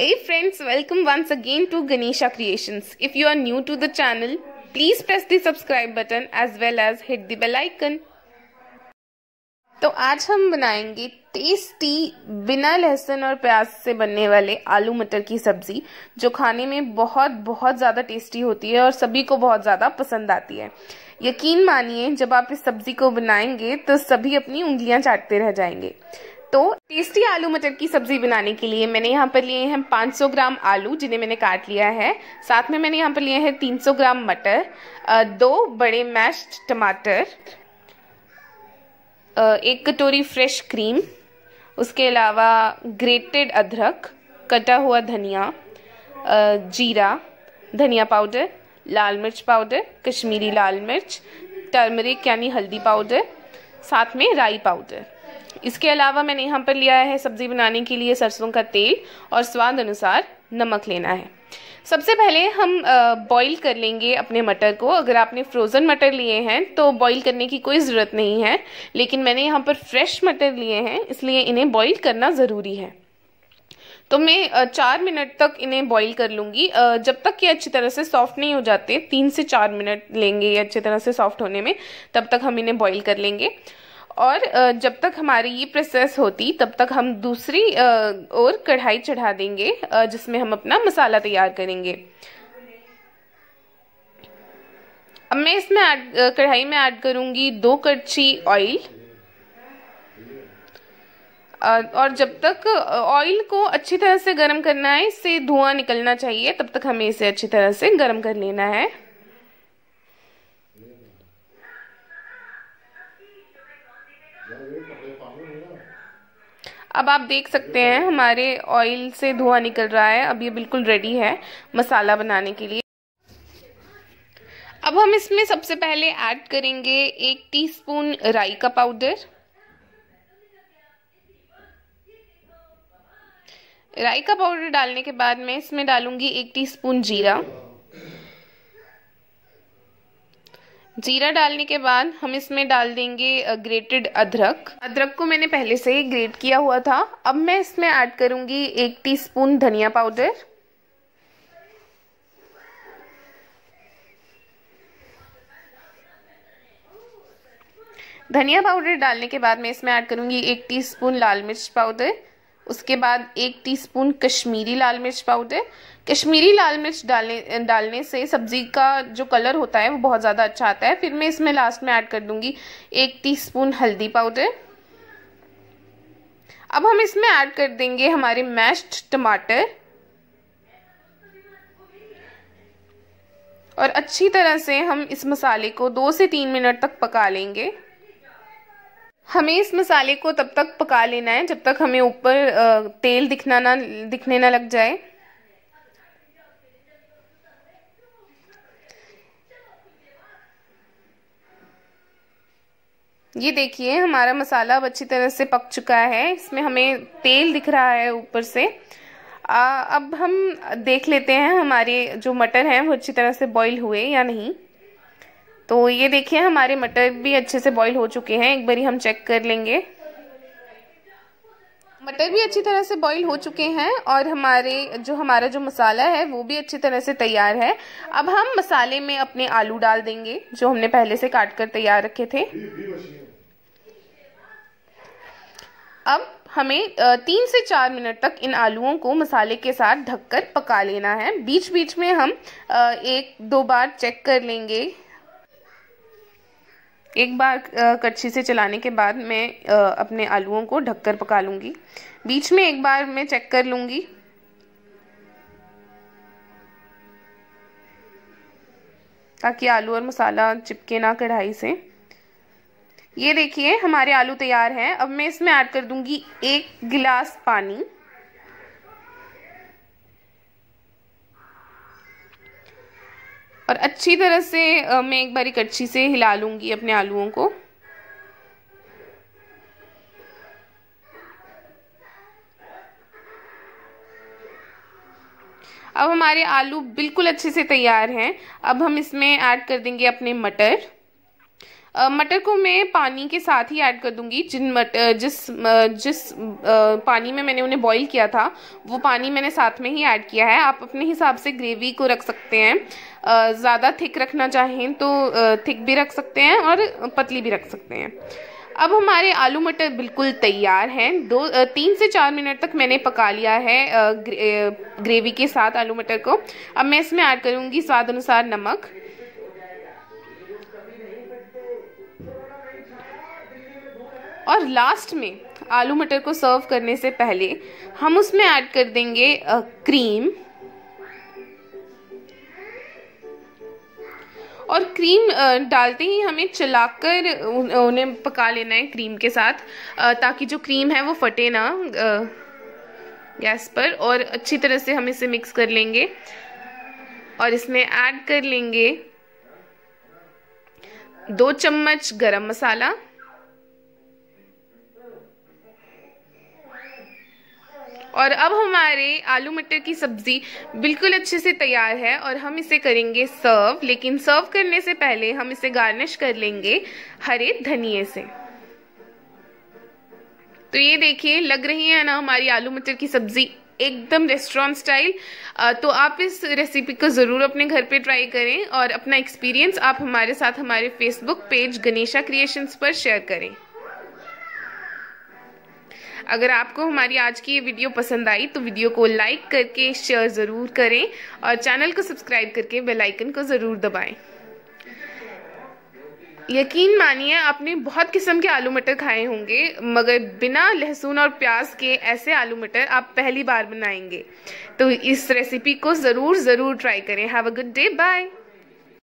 Hey friends, welcome once again to Ganesha Creations. If you are new to the channel, please press the subscribe button as well as hit the bell icon. तो आज हम बनाएंगे tasty बिना लहसुन और प्याज से बनने वाले आलू मटर की सब्जी जो खाने में बहुत बहुत ज़्यादा टेस्टी होती है और सभी को बहुत ज़्यादा पसंद आती है यकीन मानिए जब आप इस सब्जी को बनाएंगे तो सभी अपनी उंगलियां चाटते रह जाएंगे तो टेस्टी आलू मटर की सब्जी बनाने के लिए मैंने यहाँ पर लिए हैं 500 ग्राम आलू जिन्हें मैंने काट लिया है साथ में मैंने यहाँ पर लिए हैं 300 ग्राम मटर दो बड़े मैश्ड टमाटर एक कटोरी फ्रेश क्रीम उसके अलावा ग्रेटेड अदरक कटा हुआ धनिया जीरा धनिया पाउडर लाल मिर्च पाउडर कश्मीरी लाल मिर्च टर्मरिक यानी हल्दी पाउडर साथ में राई पाउडर इसके अलावा मैंने यहाँ पर लिया है सब्ज़ी बनाने के लिए सरसों का तेल और स्वाद अनुसार नमक लेना है सबसे पहले हम बॉईल कर लेंगे अपने मटर को अगर आपने फ्रोज़न मटर लिए हैं तो बॉईल करने की कोई ज़रूरत नहीं है लेकिन मैंने यहाँ पर फ्रेश मटर लिए हैं इसलिए इन्हें बॉईल करना ज़रूरी है तो मैं चार मिनट तक इन्हें बॉईल कर लूँगी जब तक ये अच्छी तरह से सॉफ्ट नहीं हो जाते तीन से चार मिनट लेंगे ये अच्छी तरह से सॉफ्ट होने में तब तक हम इन्हें बॉईल कर लेंगे और जब तक हमारी ये प्रोसेस होती तब तक हम दूसरी और कढ़ाई चढ़ा देंगे जिसमें हम अपना मसाला तैयार करेंगे अब मैं इसमें कढ़ाई में ऐड करूंगी दो कड़छी ऑयल और जब तक ऑयल को अच्छी तरह से गर्म करना है इससे धुआं निकलना चाहिए तब तक हमें इसे अच्छी तरह से गर्म कर लेना है अब आप देख सकते हैं हमारे ऑयल से धुआं निकल रहा है अब ये बिल्कुल रेडी है मसाला बनाने के लिए अब हम इसमें सबसे पहले ऐड करेंगे एक टीस्पून राई का पाउडर राई का पाउडर डालने के बाद मैं इसमें डालूंगी एक टीस्पून जीरा जीरा डालने के बाद हम इसमें डाल देंगे ग्रेटेड अदरक अदरक को मैंने पहले से ही ग्रेट किया हुआ था अब मैं इसमें ऐड करूंगी एक टीस्पून धनिया पाउडर धनिया पाउडर डालने के बाद मैं इसमें ऐड करूंगी एक टीस्पून लाल मिर्च पाउडर उसके बाद एक टीस्पून कश्मीरी लाल मिर्च पाउडर कश्मीरी लाल मिर्च डालने डालने से सब्ज़ी का जो कलर होता है वो बहुत ज़्यादा अच्छा आता है फिर मैं इसमें लास्ट में ऐड कर दूंगी एक टीस्पून हल्दी पाउडर अब हम इसमें ऐड कर देंगे हमारे मैश्ड टमाटर और अच्छी तरह से हम इस मसाले को दो से तीन मिनट तक पका लेंगे हमें इस मसाले को तब तक पका लेना है जब तक हमें ऊपर तेल दिखना ना दिखने ना लग जाए ये देखिए हमारा मसाला अब अच्छी तरह से पक चुका है इसमें हमें तेल दिख रहा है ऊपर से आ, अब हम देख लेते हैं हमारे जो मटर हैं वो अच्छी तरह से बॉईल हुए या नहीं तो ये देखिए हमारे मटर भी अच्छे से बॉईल हो चुके हैं एक बारी हम चेक कर लेंगे मटर भी अच्छी तरह से बॉईल हो चुके हैं और हमारे जो हमारा जो मसाला है वो भी अच्छी तरह से तैयार है अब हम मसाले में अपने आलू डाल देंगे जो हमने पहले से काट कर तैयार रखे थे अब हमें तीन से चार मिनट तक इन आलूओं को मसाले के साथ ढककर पका लेना है बीच बीच में हम एक दो बार चेक कर लेंगे एक बार कच्छी से चलाने के बाद मैं अपने आलूओं को ढककर पका लूंगी बीच में एक बार मैं चेक कर लूंगी ताकि आलू और मसाला चिपके ना कढ़ाई से ये देखिए हमारे आलू तैयार हैं अब मैं इसमें ऐड कर दूंगी एक गिलास पानी और अच्छी तरह से मैं एक बारी कच्ची से हिला लूँगी अपने आलूओं को अब हमारे आलू बिल्कुल अच्छे से तैयार हैं अब हम इसमें ऐड कर देंगे अपने मटर मटर को मैं पानी के साथ ही ऐड कर दूंगी जिन मट जिस जिस पानी में मैंने उन्हें बॉईल किया था वो पानी मैंने साथ में ही ऐड किया है आप अपने हिसाब से ग्रेवी को रख सकते हैं ज़्यादा थिक रखना चाहें तो थिक भी रख सकते हैं और पतली भी रख सकते हैं अब हमारे आलू मटर बिल्कुल तैयार हैं दो तीन से चार मिनट तक मैंने पका लिया है ग्रे, ग्रेवी के साथ आलू मटर को अब मैं इसमें ऐड करूँगी स्वाद अनुसार नमक और लास्ट में आलू मटर को सर्व करने से पहले हम उसमें ऐड कर देंगे क्रीम और क्रीम डालते ही हमें चलाकर उन्हें पका लेना है क्रीम के साथ ताकि जो क्रीम है वो फटे ना गैस पर और अच्छी तरह से हम इसे मिक्स कर लेंगे और इसमें ऐड कर लेंगे दो चम्मच गरम मसाला और अब हमारे आलू मटर की सब्ज़ी बिल्कुल अच्छे से तैयार है और हम इसे करेंगे सर्व लेकिन सर्व करने से पहले हम इसे गार्निश कर लेंगे हरे धनिए से तो ये देखिए लग रही है ना हमारी आलू मटर की सब्ज़ी एकदम रेस्टोरेंट स्टाइल तो आप इस रेसिपी को ज़रूर अपने घर पे ट्राई करें और अपना एक्सपीरियंस आप हमारे साथ हमारे फेसबुक पेज गणेशा क्रिएशंस पर शेयर करें अगर आपको हमारी आज की ये वीडियो पसंद आई तो वीडियो को लाइक करके शेयर ज़रूर करें और चैनल को सब्सक्राइब करके बेल आइकन को ज़रूर दबाएं यकीन मानिए आपने बहुत किस्म के आलू मटर खाए होंगे मगर बिना लहसुन और प्याज के ऐसे आलू मटर आप पहली बार बनाएंगे तो इस रेसिपी को ज़रूर ज़रूर ट्राई करें have a good day bye